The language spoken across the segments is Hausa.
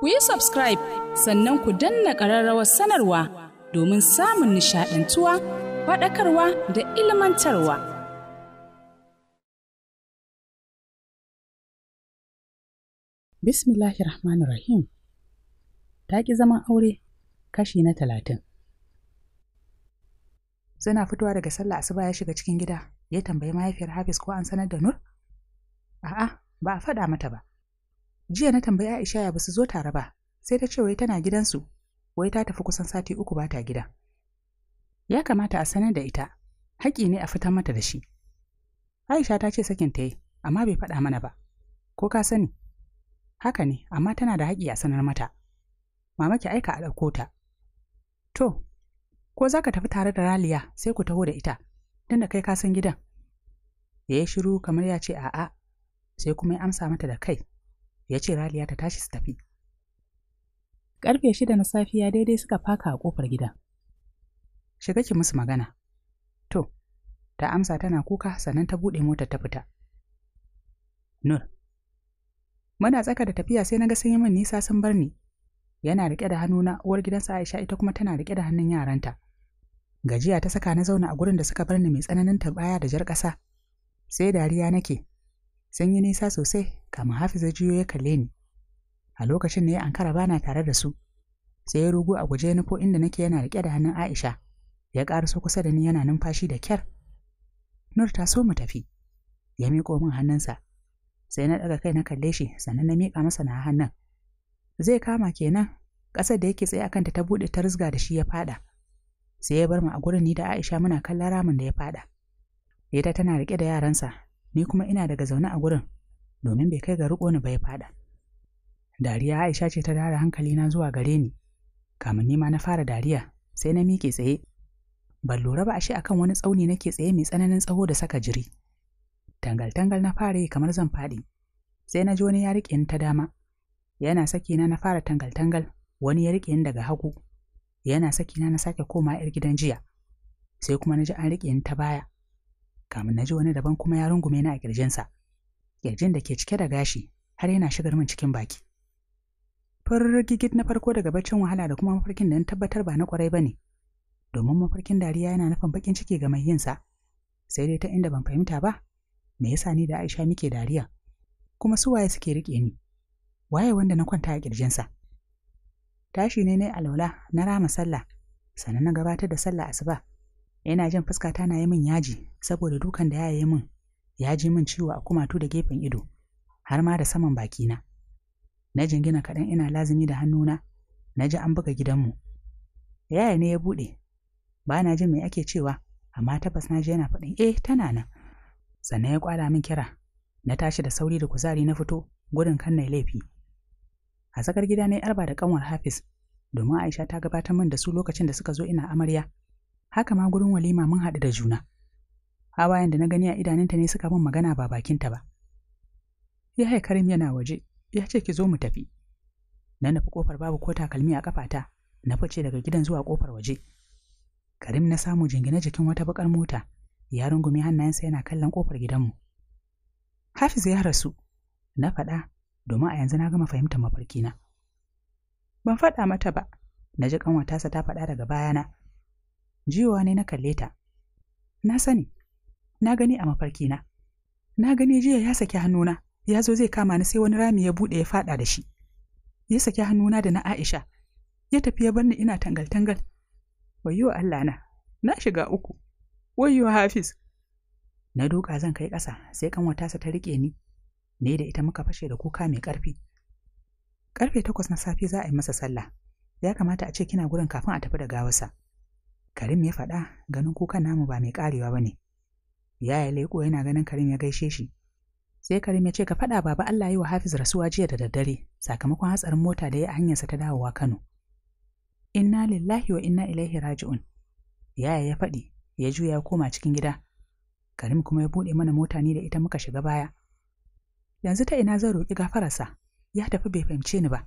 ku yi subscribe sannan ku danna ƙararrawar sanarwa domin samun nishaɗantuwa faɗakarwa da ilmantarwa. Bismillahir Rahmanir Rahim Ta ƙi zaman aure kashi na talatin. Suna fitowa daga sallah asuba ya shiga cikin gida ya tambayi mahaifiyar Hafiz ko an sanar da Nur? A'a, ba a faɗa mata ba. jiya na tambayi Aisha ya basu zo tare ba sai ta ce wai tana gidansu wai ta tafi kusan sati uku ba ta gida ya kamata a sanar da ita haƙi ne a fitar mata da shi Aisha ta ce sakin ta yi amma bai faɗa mana ba ko ka sani haka ne amma tana da haƙi a sanar mata mama ki aika a ɗauko ta to ko za ka tafi tare da Raliya sai ku taho da ita tunda kai ka san gidan ya yi shiru kamar ya ce a'a sai kuma ya amsa mata da kai ya ce Raliya ta tashi su tafi. Karfe shida na safiya daidai suka faka a ƙofar gida. Shiga ki musu magana. To, ta amsa tana kuka sannan ta buɗe motar ta fita. Nur. Muna tsaka da tafiya sai na ga sun yi min nisa sun bar ni. Yana riƙe da hannuna uwar gidansa Aisha ita kuma tana riƙe da hannun yaranta. Gajiya ta saka na zauna a gurin da suka bar ni mai tsananin tabaya da jar ƙasa. Sai dariya nake, sun yi nisa sosai kamar hafiza jiyo ya kalle ni a lokacin ne ankara bana tare da su sai ya rugu a guje ni ko inda nake yana rike da hannun aisha ya ƙaraso kusa da ni yana numfashi da kyar nur ta so mu tafi ya miƙo min hannunsa sai na ɗaga kai na kalle shi sannan na miƙa masa na hannun zai kama kenan ƙasar da yake tsaye akanta ta buɗe ta rizga da shi ya faɗa sai ya bar mu a gurin ni da aisha muna kallon ramin da ya faɗa ita tana riƙe da yaransa ni kuma ina daga zaune a gurin domin bai kai ga riƙo ni ba ya faɗa. Dariya Aisha ce ta dara hankali na zuwa gare ni, kamun ni ma na fara dariya sai na miƙe tsaye. Ban lura ba ashe akan wani tsauni nake tsaye mai tsananin tsawo da saka jiri. Tangal-tangal na fara yi kamar zan faɗi, sai na ji wani ya riƙe ni ta dama. Yana saki na na fara tangal-tangal, wani ya riƙe ni daga hagu. Yana saki na na sake koma 'yar gidan jiya. Sai kuma na ji an riƙe ni ta baya. kamin na ji wani daban kuma ya rungume ni a ƙirjinsa ƙirjin da ke cike da gashi har yana shigar min cikin baki firgigit na farko daga baccin wahala da kuma mafarkin da na tabbatar ba na kwarai ba ne domin mafarkin dariya yana nufin bakin ciki ga mai yinsa sai dai ta inda ban fahimta ba me yasa ni da aisha muke dariya kuma su waye suke rike ni waye wanda na kwanta a ƙirjinsa tashi ne na alwala na rama sallah sannan na gabatar da sallah asuba Yana jan fuskata na yi min yaji saboda dukan da ya yi min ya ji min ciwo a kumatu da gefen ido har ma da saman baki Na Na jingina kaɗan ina lazimi da hannuna na ji an buga gidanmu. Yaya ne ya buɗe ba na jin me ake cewa amma tabbas na ji yana faɗin eh tana nan. Sannan ya kwala min kira na tashi da sauri da kuzari na fito gudun kan na laifi. A tsakar gida na yarba da kanwar Hafiz domin Aisha ta gabatar min da su lokacin da suka zo ina amarya haka ma gurin walima mun haɗu da juna hawayen da na gani a idanunta ne suka min magana ba bakinta ba yaya karim yana waje ya ce ki zo mu tafi na nufi kofar babu ko takalmi a kafata na fice daga gidan zuwa kofar waje karim na samu jingine jikin wata baƙar mota ya rungumi hannayensa yana kallon kofar gidanmu hafiz ya rasu na faɗa domin a yanzu na gama fahimtar mafarkina ban faɗa mata ba na ji ƙanwatarsa ta faɗa daga bayana jiwa ne na kalle ta na sani na gani a mafarkina na gani jiya ya saki hannuna ya zo zai kama ni sai wani rami ya buɗe ya faɗa da shi ya saki hannuna da na aisha ya tafi ya barni ina tangal-tangal wayyo allah na na shiga uku wayyo hafiz na duka zan kai ƙasa sai kanwatasa ta rike ni ne da ita muka fashe da kuka mai ƙarfi ƙarfe takwas na safe za a yi masa sallah ya kamata a ce kina gurin kafin a tafi da gawarsa Karim ya faɗa ganin kukan namu ba mai ƙarewa ba ne. Ya ya yana ganin Karim ya gaishe shi. Sai Karim ya ce ka faɗa baba Allah yi wa Hafiz rasuwa jiya da daddare sakamakon hatsarin mota da ya hanyarsa ta dawowa Kano. Inna lillahi wa inna ilaihi raji'un. Yaya ya faɗi ya juya ya koma cikin gida. Karim kuma ya buɗe mana mota ni da ita muka shiga baya. Yanzu ta ina zan roƙi gafararsa, ya tafi bai fahimce ni ba.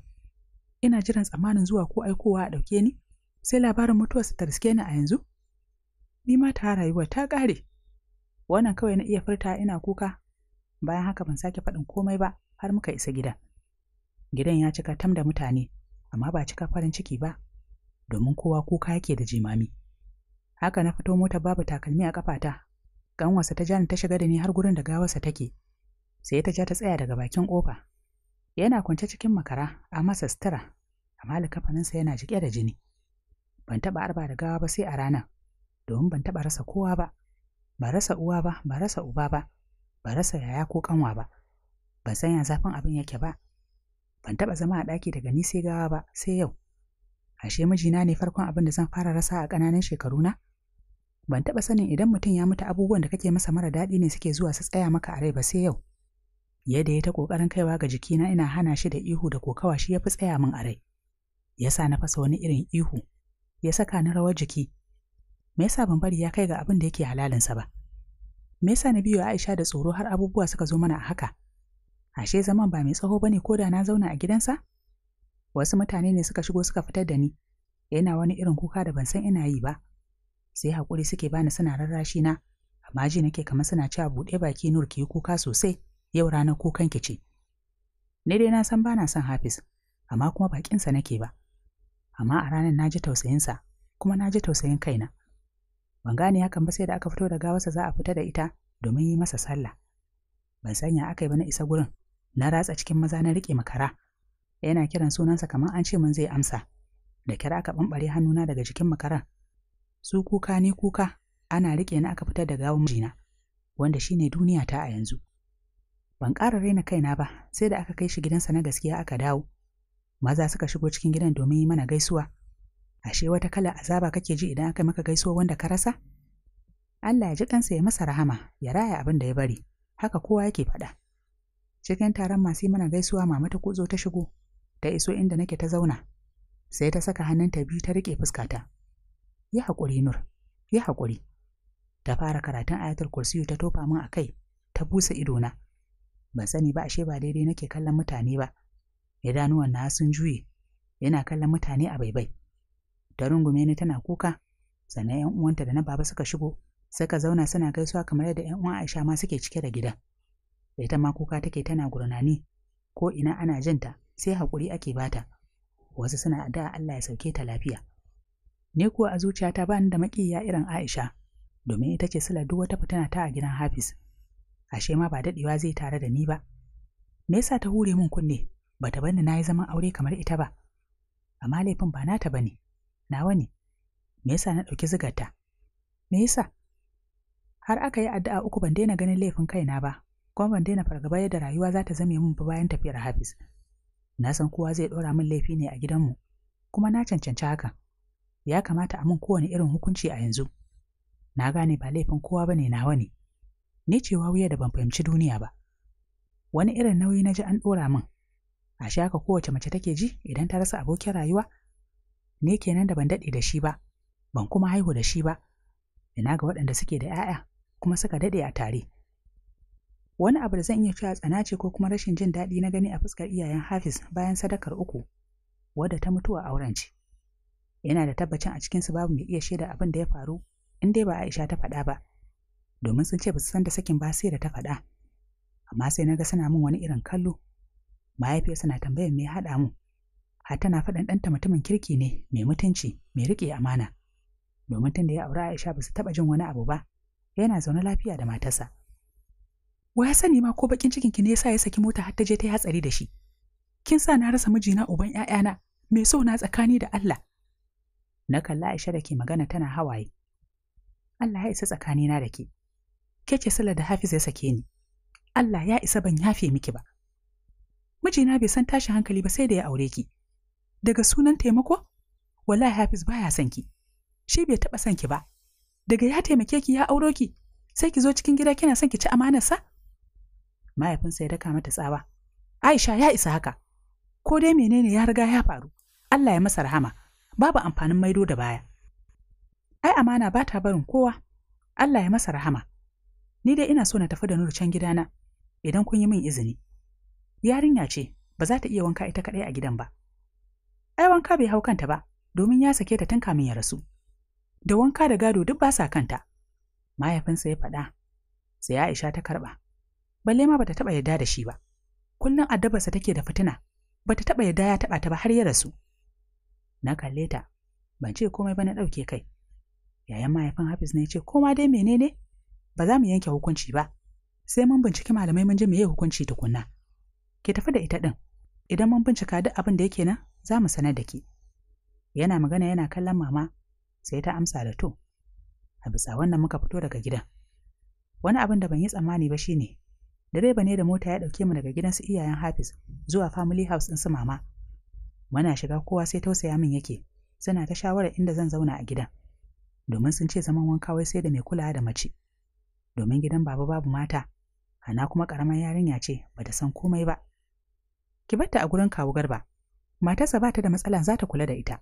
Ina jiran tsammanin zuwa ko aikowa a ɗauke ni? sai labarin mutuwarsa ta riske ni a yanzu? Ni ma ta rayuwa ta ƙare. Wannan kawai na iya furta ina kuka, bayan haka ban sake faɗin komai ba har muka isa gida. Gidan ya cika tam da mutane, amma ba cika farin ciki ba, domin kowa kuka yake da jimami. Haka na fito mota babu takalmi a ƙafata, ƙanwarsa ta jani ta shiga da ni har gurin da gawarsa take. Sai ta ja ta tsaya daga bakin ƙofa. Yana kwance cikin makara, a masa sutura, amma likafaninsa yana jiƙe da jini. ban taɓa arba da gawa ba sai a ranar domin ban taɓa rasa kowa ba ba rasa uwa ba ba rasa uba ba ba rasa yaya ko kanwa ba ban san zafin abin yake ba ban taɓa zama a ɗaki daga ni sai gawa ba sai yau ashe mijina ne farkon abin da zan fara rasa a ƙananan shekaru na? ban taɓa sanin idan mutum ya mutu abubuwan da kake masa mara daɗi ne suke zuwa su tsaya maka a rai ba sai yau yadda ya ta ƙoƙarin kaiwa ga jikina ina hana shi da ihu da kokawa shi ya fi tsaya min a rai sa na fasa wani irin ihu ya saka ni rawar jiki me yasa ban bari ya kai ga abin da yake halalinsa ba me yasa na biyo Aisha da tsoro har abubuwa suka zo mana a haka ashe zaman ba mai tsaho bane ko da na zauna a gidansa wasu mutane ne suka shigo suka fitar da ni yana wani irin kuka da ban san ina yi ba sai hakuri suke bani suna rarrashi na amma ji nake kamar suna ci cewa buɗe baki nur ki kuka sosai yau ranar kukan ki ce ni dai na san bana son Hafiz amma kuma bakinsa nake ba amma a ranar na ji tausayinsa kuma na ji tausayin kaina ban gane hakan ba sai da aka fito da gawarsa za a fita da ita domin yi masa sallah ban sanya aka yi ba na isa gurin na ratsa cikin maza na rike makara yana kiran sunansa kamar an ce mun zai amsa da kira aka ɓamɓare hannuna daga jikin makaran su kuka ni kuka ana rike ni aka fitar da gawar mijina wanda shine duniya ta a yanzu ban ƙara raina kaina ba sai da aka kai shi gidansa na gaskiya aka dawo maza suka shigo cikin gidan domin yi mana gaisuwa ashe wata kala azaba kake ji idan aka maka gaisuwa wanda ka rasa Allah ya ji kansa ya masa rahama ya raya abin da ya bari haka kowa yake faɗa cikin taron masu yi mana gaisuwa mama ta kuzo ta shigo ta iso inda nake ta zauna sai ta saka hannunta biyu ta riƙe fuskata yi haƙuri nur yi haƙuri ta fara karatun ayatul kursiyu ta tofa min a kai ta busa idona ban sani ba ashe ba daidai nake kallon mutane ba idanuwan na sun juye yana kallon mutane a baibai ta rungume ni tana kuka sannan yan uwanta da na baba suka shigo suka zauna suna gaisuwa kamar yadda yan uwan Aisha ma suke cike da gida ita ma kuka take tana gurnani ko ina ana jinta sai hakuri ake bata wasu suna addu'a Allah ya sauke ta lafiya ne kuwa a zuciyata ba ni da makiyya irin Aisha domin ita ce sila duk wata fitana ta a gidan Hafiz ashe ma ba daɗewa zai tare da ni ba me yasa ta hure min kunne Bata ta bani na yi zaman aure kamar ita ba amma laifin ba nata ba ne nawa ne me yasa na ɗauki zigarta me yasa har aka yi addu'a uku ban daina ganin laifin kaina ba kuma ban daina fargaba yadda rayuwa za ta zame min ba bayan tafiyar hafiz na san kowa zai ɗora min laifi ne a gidanmu kuma na cancanci haka ya kamata a min kowane irin hukunci a yanzu na gane ba laifin kowa ba ne nawa ne ni cewa wuya da ban fahimci duniya ba wani irin nauyi na ji an ɗora min shi haka kowace mace take ji idan ta rasa abokin rayuwa ne kenan da ban daɗe da shi ba ban kuma haihu da shi ba ina ga waɗanda suke da 'ya'ya kuma suka daɗe a tare wani abu da zan iya cewa tsana ce ko kuma rashin jin daɗi na gani a fuskar iyayen hafiz bayan sadakar uku wadda ta mutuwa a auren ce yana da tabbacin a cikinsu babu mai iya shaida abin da ya faru in dai ba aisha ta faɗa ba domin sun ce ba su san da sakin basira ta faɗa amma sai na ga suna min wani irin kallo mahaifiyarsa na tambayar me ya haɗa mu har tana faɗan ɗanta mutumin kirki ne mai mutunci mai riƙe amana domin tun da ya aure Aisha ba su taɓa jin wani abu ba yana zaune lafiya da matarsa wa ya sani ma ko bakin cikin ki ne yasa ya saki mota har ta je ta yi hatsari da shi kin sa na rasa mijina uban 'ya'yana, me so na tsakani da Allah na kalla Aisha da ke magana tana hawaye Allah ya isa tsakani na da ke ke ce da Hafiz ya sake ni Allah ya isa ban yafe miki ba mijina bai san tashi hankali ba sai da ya aure ki daga sunan taimako wallahi hafiz baya son ki shi bai taɓa son ki ba daga ya taimake ki ya auro ki sai ki zo cikin gida kina son ki ci amanar sa? mahaifinsa ya daka mata tsawa aisha ya isa haka ko dai menene ya riga ya faru allah ya masa rahama babu amfanin maido da baya ai amana ba ta barin kowa allah ya masa rahama ni dai ina so na tafi da nur can gidana idan kun yi min izini yarinya ce ba za ta iya wanka ita kaɗai a gidan ba ai wanka bai hau kanta ba domin ya sake ta tun kamin ya rasu da wanka da gado duk ba sa kanta mahaifinsa ya faɗa sai Aisha ta karɓa balle ma bata taɓa yarda da shi ba kullum addabarsa take da fitina bata taɓa yarda ya taɓa ta ba har ya rasu na kalle ta ban ce komai ba na ɗauke kai yayan mahaifin Hafiz ne ce koma dai menene ba za mu yanke hukunci ba sai mun binciki malamai mun ji yi hukunci tukunna Ke tafi da ita ɗin idan mun bincika duk abin da yake nan za mu sanar da ki yana magana yana kallon mama sai ta amsa da to a bisa wannan muka fito daga gidan wani abin da ban yi tsammani ba shine direba ne da mota ya ɗauke mu daga gidan su iyayen hafiz zuwa family house ɗin su mama muna shiga kowa sai tausaya min yake suna ta shawarar inda zan zauna a gidan domin sun ce zaman wanka wai sai da mai kulawa da mace domin gidan baba babu mata ana kuma ƙaramar yarinya ce bata san komai ba ki batta a gurin kawu garba matarsa bata da matsala za ta kula da ita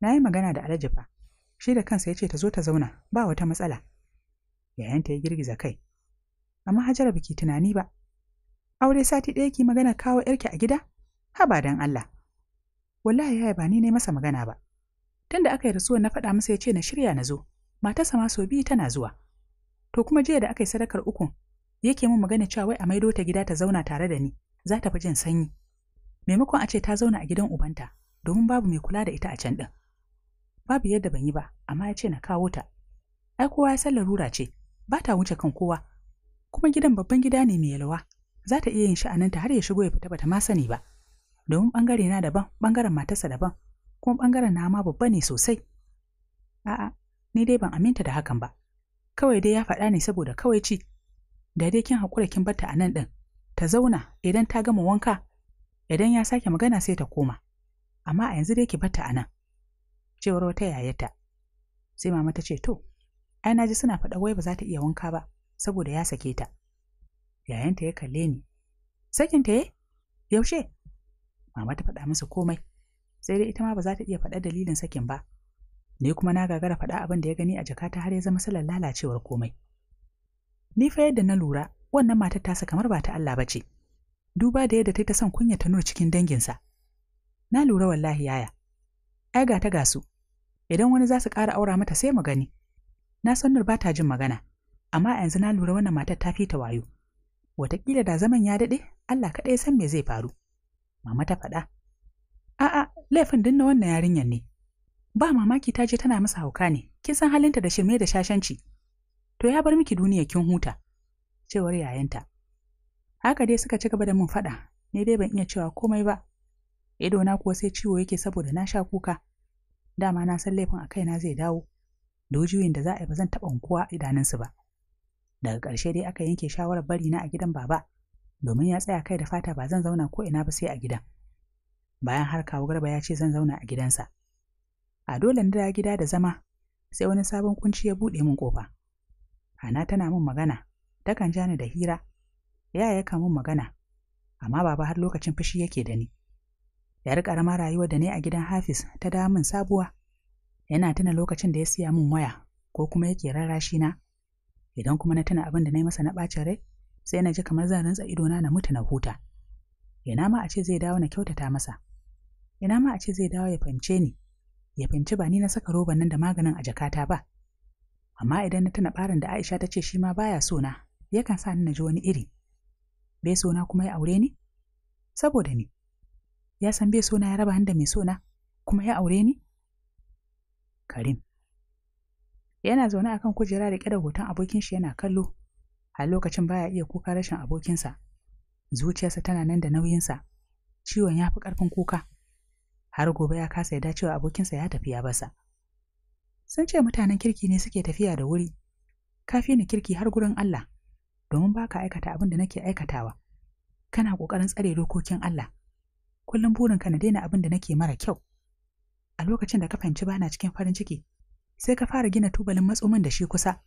na yi magana da alhaji fa shi da kansa ya ce ta zo ta zauna ba wata matsala ta ya girgiza kai amma hajara biki tunani ba aure sati ɗaya ki magana kawo yarki a gida ba dan Allah wallahi yaya ba ni ne masa magana ba tunda aka yi rasuwa na faɗa masa ya ce na shirya na zo matarsa ma so biyu tana zuwa to kuma jiya da aka yi sadakar ukun yake mun magana cewa wai a maido ta gida ta zauna tare da ni za ta fi jin sanyi maimakon a ce ta zauna a gidan ubanta domin babu mai kula da ita a can ɗin babu yadda ban yi ba amma ya ce na kawo ta ai kowa ya san larura ce ba ta wuce kan kowa kuma gidan babban gida ne mai yalwa za ta iya yin sha'aninta har ya shigo ya fita bata ma sani ba domin ɓangare na daban ɓangaren matarsa daban kuma ɓangaren na ma babba ne sosai a'a ni dai ban aminta da hakan ba kawai dai ya faɗa ne saboda kawai ci da dai kin haƙura kin barta a nan ɗin ta zauna idan ta gama wanka idan ya sake magana sai ta koma amma a yanzu dai ki bata a nan cewar wata yayata sai mama ta ce to ai na ji suna faɗa wai ba za ta iya wanka ba saboda ya sake ta yayanta ya kalle ni ta ye eh? yaushe mama ta faɗa masa komai sai dai ita ma ba za ta iya faɗa dalilin sakin ba ni kuma na gagara faɗa abin da ya gani a jakata har ya zama salar lalacewar komai ni fa yadda na lura wannan matar tasa kamar ba ta Allah ba ce duba da yadda ta ta son kunya tanur cikin danginsa na lura wallahi yaya ai ga ta gasu idan wani za su ƙara aura mata sai mu gani na san nur ba ta jin magana amma yanzu na lura wannan matar ta fi ta wayo wataƙila da zaman ya daɗe Allah kaɗai san me zai faru mama ta faɗa a'a laifin dinna wannan yarinyar ne ba mamaki ta je tana masa hauka ne kin san halinta da shirme da shashanci to ya bar miki duniya kin huta cewar yayanta. Haka dai suka ci gaba da mun faɗa, ne dai ban iya cewa komai ba. ido na kuwa sai ciwo yake saboda na sha kuka. Dama na san laifin a na zai dawo. Dojuyin da za a yi ba zan taɓa unkuwa idanunsu ba. Daga ƙarshe dai aka yanke shawarar bari na a gidan baba, domin ya tsaya kai da fata ba zan zauna ko ina ba sai a gidan. Bayan har kawo garba ya ce zan zauna a gidansa. A dole na gida da zama, sai wani sabon kunci ya buɗe min kofa Hana tana min magana, takan ja ni da hira, yaya ya kamun magana, amma baba har lokacin fushi yake da ni. Ya riƙa rama rayuwa da ni a gidan Hafiz ta dawo min sabuwa, yana tuna lokacin da ya siya min waya ko kuma yake rarrashi na. Idan kuma na tuna abin da na yi masa na ɓacin rai, sai na ji kamar zan rantsa idona na mutu na huta. Ina ma a ce zai dawo na kyautata masa. Ina ma a ce zai dawo ya fahimce ni, ya fahimci ba ni na saka roban nan da maganin a jakata ba. Amma idan na tuna barin da Aisha ta ce shi ma baya so na, yakan sa ni na ji wani iri bai sona kuma ya aure ni saboda ni ya san bai na ya raba da mai suna. kuma ya aure ni karim yana zaune akan kujera riƙe da hoton abokin shi yana kallo a lokacin baya iya kuka rashin abokinsa zuciyarsa tana nan da nauyinsa ciwon ya fi ƙarfin kuka har gobe ya kasa ya dacewa abokinsa ya tafi ya basa sun ce mutanen kirki ne suke tafiya da wuri kafi ni kirki har gurin Allah domin ba ka aikata abin da nake aikatawa kana ƙoƙarin tsare dokokin Allah kullum burinka na daina abin da nake mara kyau a lokacin da ka fahimci bana cikin farin ciki sai ka fara gina tubalin matsumin da shi kusa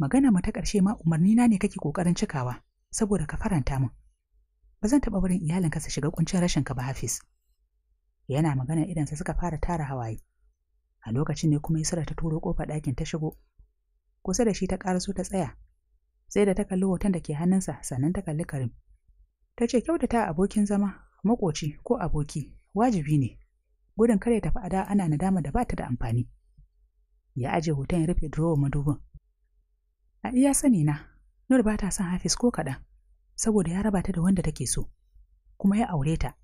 magana mu ta ƙarshe ma umarni na ne kake ƙoƙarin cikawa saboda ka faranta min ba zan taɓa barin iyalinka su shiga kuncin rashin ka ba Hafiz yana magana idan idansa suka fara tara hawaye a lokacin ne kuma Isra ta turo kofa ɗakin ta shigo kusa da shi ta ƙaraso ta tsaya sai da ta kalli hoton da ke hannunsa sannan ta kalli Karim. Ta ce kyautata abokin zama, makoci ko aboki wajibi ne. Gudun kare tafi ada ana nadama da bata da amfani. Ya aje hoton ya rufe durowa madubin. A iya sani na, Nur ba ta son Hafiz ko kaɗan, saboda ya raba ta da wanda take so, kuma ya aure ta.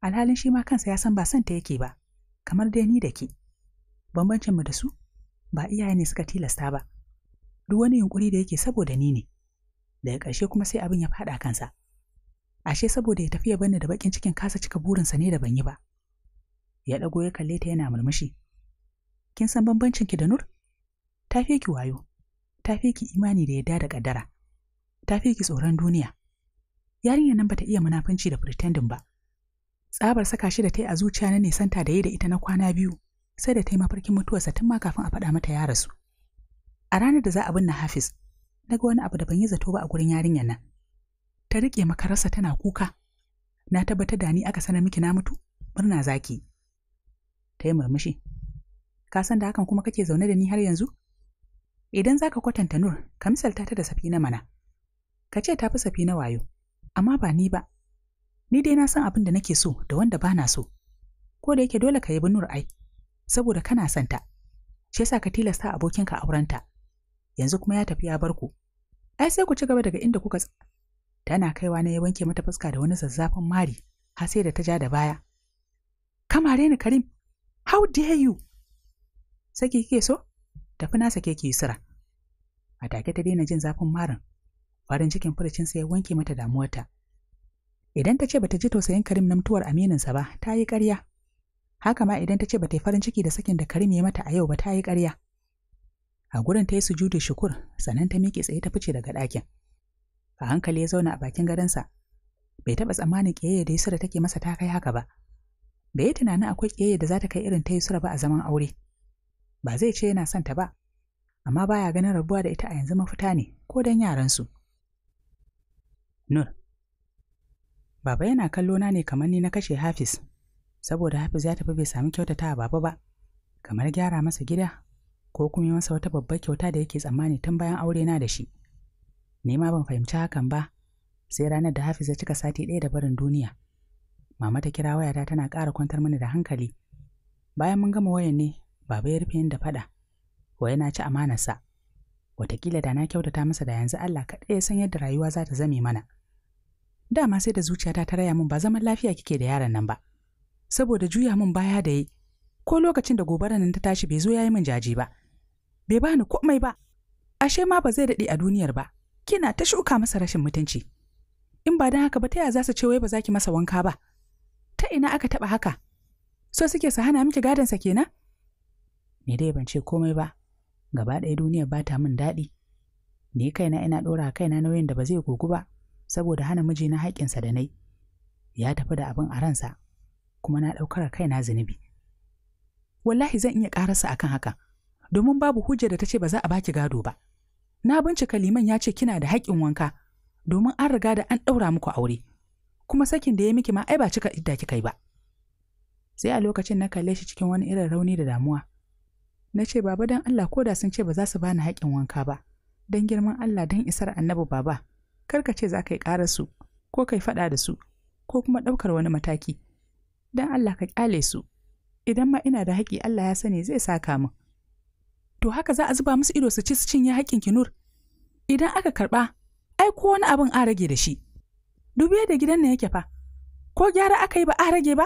Alhalin shi ma kansa ya san ba son ta yake ba, kamar dai ni da ke. Bambancinmu da su, ba iyaye ne suka tilasta ba, duk wani yunkuri da yake saboda ni ne daga ƙarshe kuma sai abin ya faɗa kansa ashe saboda ya tafi ya bani da bakin cikin kasa cika burinsa ne da ban yi ba ya ɗago ya kalle ta yana murmushi kin san bambancin ki da nur ta fi ki wayo ta fi ki imani da yadda da kaddara ta fi ki tsoron duniya yarinyar nan bata iya munafunci da pretending ba tsabar saka shi da tai a zuciya na nisanta da yi da ita na kwana biyu sai da tai mafarkin mutuwarsa tun ma kafin a faɗa mata ya rasu a ranar da za a binne hafiz na ga wani abu da ban yi zato ba a gurin yarinyar nan ta riƙe makararsa tana kuka na tabbatar da ni aka sanar miki na mutu murna zaki ta yi murmushi ka san da hakan kuma kake zaune da ni har yanzu idan zaka kwatanta nur ka misalta ta da na mana ka ce ta fi safi na wayo amma ba ni ba ni dai na san abin da nake so da wanda ba na so ko da yake dole ka bin nur ai saboda kana santa ta shi yasa ka tilasta abokinka aurenta yanzu kuma ya tafi ya bar ku ai sai ku ci gaba daga inda kuka tana kaiwa na ya wanke mata fuska da wani zazzafin mari har sai da ta ja da baya kamare ni karim how dare you saki kike so tafi na sake ki sira a take ta daina jin zafin marin farin cikin furucin sa ya wanke mata damuwarta idan ta ce bata ji tausayin karim na mutuwar sa ba ta yi ƙarya haka ma idan ta ce bata yi farin ciki da sakin da karim ya mata a yau ba ta yi ƙarya a gurin ta yi sujudu shukur sannan ta miƙe tsaye ta fice daga ɗakin a hankali ya zauna a bakin gadonsa bai taɓa tsammanin ƙiyayya da Yusra take masa ta kai haka ba bai yi tunanin akwai ƙiyayya da za ta kai irin ta Yusra ba a zaman aure ba zai ce yana son ta ba amma baya ganin rabuwa da ita a yanzu mafita ne ko don yaransu Nur Baba yana kallo na ne kamar ni na kashe Hafiz saboda Hafiz ya tafi bai sami kyautatawa baba ba kamar gyara masa gida ko kuma masa wata babbar kyauta da yake tsammani tun bayan aure na da shi. Ni ma ban fahimci hakan ba, sai ranar da Hafiz ya cika sati ɗaya da barin duniya. Mama ta kira wayata tana ƙara kwantar mini da hankali. Bayan mun gama wayan ne, baba ya rufe da faɗa. Wa yana ci amanarsa. Wataƙila da na kyautata masa da yanzu Allah kaɗai ya san yadda rayuwa za ta zame mana. Dama sai da zuciyata ta raya min ba zaman lafiya kike da yaron nan ba. Saboda juya min baya da yi, ko lokacin da gobarar nan ta tashi bai zo ya yi min jaji ba. bai bani komai ba ashe ma ba zai daɗe a duniyar ba kina ta shuka masa rashin mutunci in ba don haka ba ta yaya za su ce wai ba za ki masa wanka ba ta ina aka taɓa haka so suke su hana miki gadonsa kenan ni dai ban ce komai ba gaba ɗaya duniyar ba ta min daɗi ni kaina ina ɗora kaina nauyin da ba zai gogu ba saboda hana mijina haƙƙinsa da nai ya tafi da abin a ransa kuma na ɗaukar kaina zunubi wallahi zan iya ƙararsa akan hakan. domin babu hujja da ta ce ba za a baki gado ba. Na bincika liman ya ce kina da haƙƙin wanka domin an riga da an ɗaura muku aure. Kuma sakin da ya miki ma ai ba cika idda kika yi ba. Sai a lokacin na kalle shi cikin wani irin rauni da damuwa. Na ce baba dan Allah ko da sun ce ba za su bani haƙƙin wanka ba. Dan girman Allah dan isar annabi baba. Kar ka ce za ka yi ƙara su ko kai faɗa da su ko kuma ɗaukar wani mataki. Dan Allah ka ƙyale su. Idan ma ina da haƙƙi Allah ya sani zai saka min. to haka za a zuba musu ido su ci su cinye haƙƙin Kinur. idan aka karɓa ai ko wani abin a rage da shi dubi da gidan nan yake fa ko gyara aka yi ba a rage ba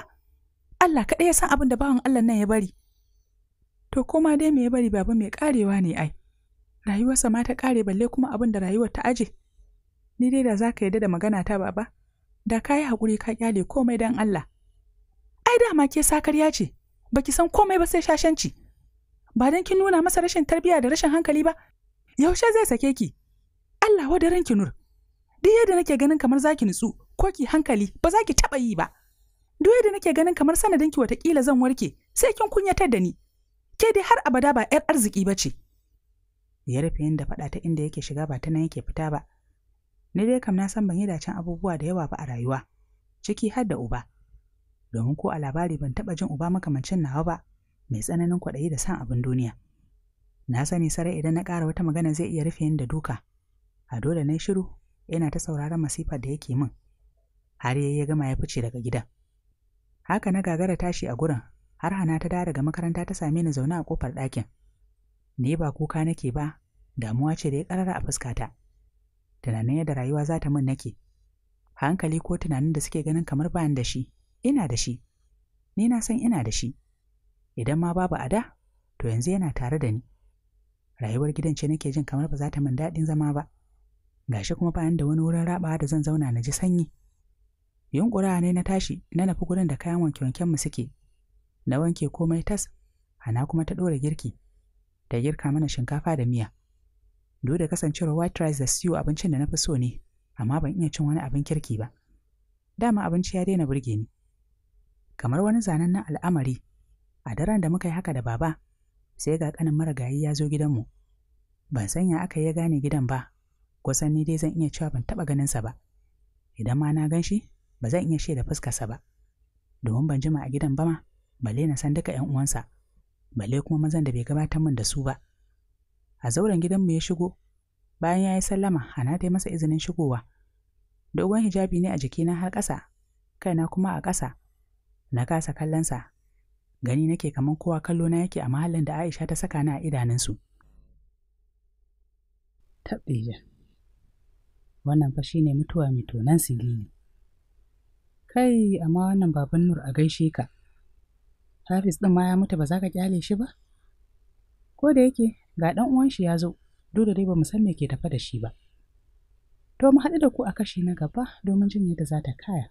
Allah kaɗai ya san abin da bawan Allah nan ya bari to koma dai me ya bari baba mai karewa ne ai rayuwarsa ma ta kare balle kuma abin da rayuwar ta aje ni dai da za ka yarda da magana ta baba da ka yi haƙuri ka kyale komai don Allah ai dama ke sakarya ce baki san komai ba sai shashanci ba don kin nuna masa rashin tarbiyya da rashin hankali ba yaushe zai sake ki Allah wa da ranki nur duk yadda nake ganin kamar zaki nutsu ko ki hankali ba za ki taba yi ba duk yadda nake ganin kamar sanadin ki watakila zan warke sai kin kunyatar da ni ke dai har abada ba yar arziki ba ce ya rufe yadda faɗa ta inda yake shiga ba ta nan yake fita ba ni dai kam na san ban yi dacen abubuwa da yawa ba a rayuwa ciki har da uba domin ko a labari ban taɓa jin uba makamancin nawa ba mai tsananin kwaɗayi da san abin duniya. Na sani sarai idan na ƙara wata magana zai iya rufe da duka. A dole na shiru, yana ta sauraron masifar da yake min. Har ya gama ya fice daga gidan. Haka na gagara tashi a gurin, har hana ta dara daga makaranta ta same ni zaune a kofar ɗakin. Ni ba kuka nake ba, damuwa ce da ya ƙarara a fuskata. Tunanin yadda rayuwa za ta min nake. Hankali ko tunanin da suke ganin kamar ba da shi, ina da shi. Ni na san ina da shi. idan ma babu ada to yanzu yana tare da ni rayuwar gidan ce nake jin kamar ba za ta min daɗin zama ba gashi kuma bayan da wani wurin rabawa da zan zauna na ji sanyi yunƙura ne na tashi na nafi gurin da kayan wanke-wankenmu suke na wanke komai tas hana kuma ta ɗora girki ta girka mana shinkafa da miya duk da kasancewar white rice da stew abincin da na fi so ne amma ban iya cin wani abin kirki ba dama abinci ya daina burge ni kamar wani zanen nan al'amari a daren da muka yi haka da baba sai ga kanin marigayi ya zo gidanmu ban ya aka ya gane gidan ba kusan ni dai zan iya cewa ban taɓa ganinsa ba idan ma na gan shi ba zan iya shaida sa ba domin ban jima a gidan ba ma balle na san duka 'yan uwansa balle kuma mazan da bai gabatar min da su ba a zauren gidanmu ya shigo bayan ya yi sallama hana ta masa izinin shigowa dogon hijabi ne a jikina har ƙasa kaina kuma a ƙasa na kasa kallonsa gani nake kamar kowa kallo na yake a mahallin da Aisha ta saka ni a idanunsu. Taɓeja, wannan fa shine mutuwa mai tonan sigili. Kai, amma wannan baban Nur a gaishe ka. Hafiz ɗin ma ya mutu ba za ka kyale shi ba? Ko da yake ga ɗan uwan shi ya zo, dole dai ba mu san me ke tafa da shi ba. To mu haɗu da ku a kashi na gaba domin jin yadda za ta kaya.